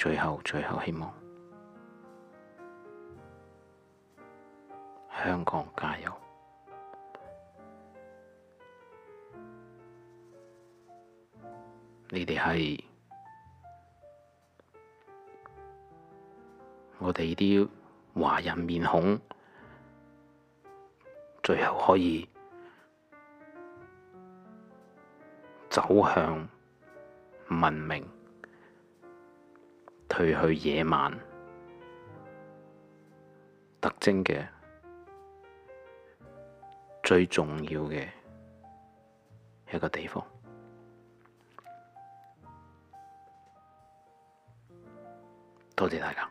最後，最後希望香港加油！你哋係我哋呢啲華人面孔，最後可以走向文明。退去野蠻特徵嘅最重要嘅一個地方，多謝大家。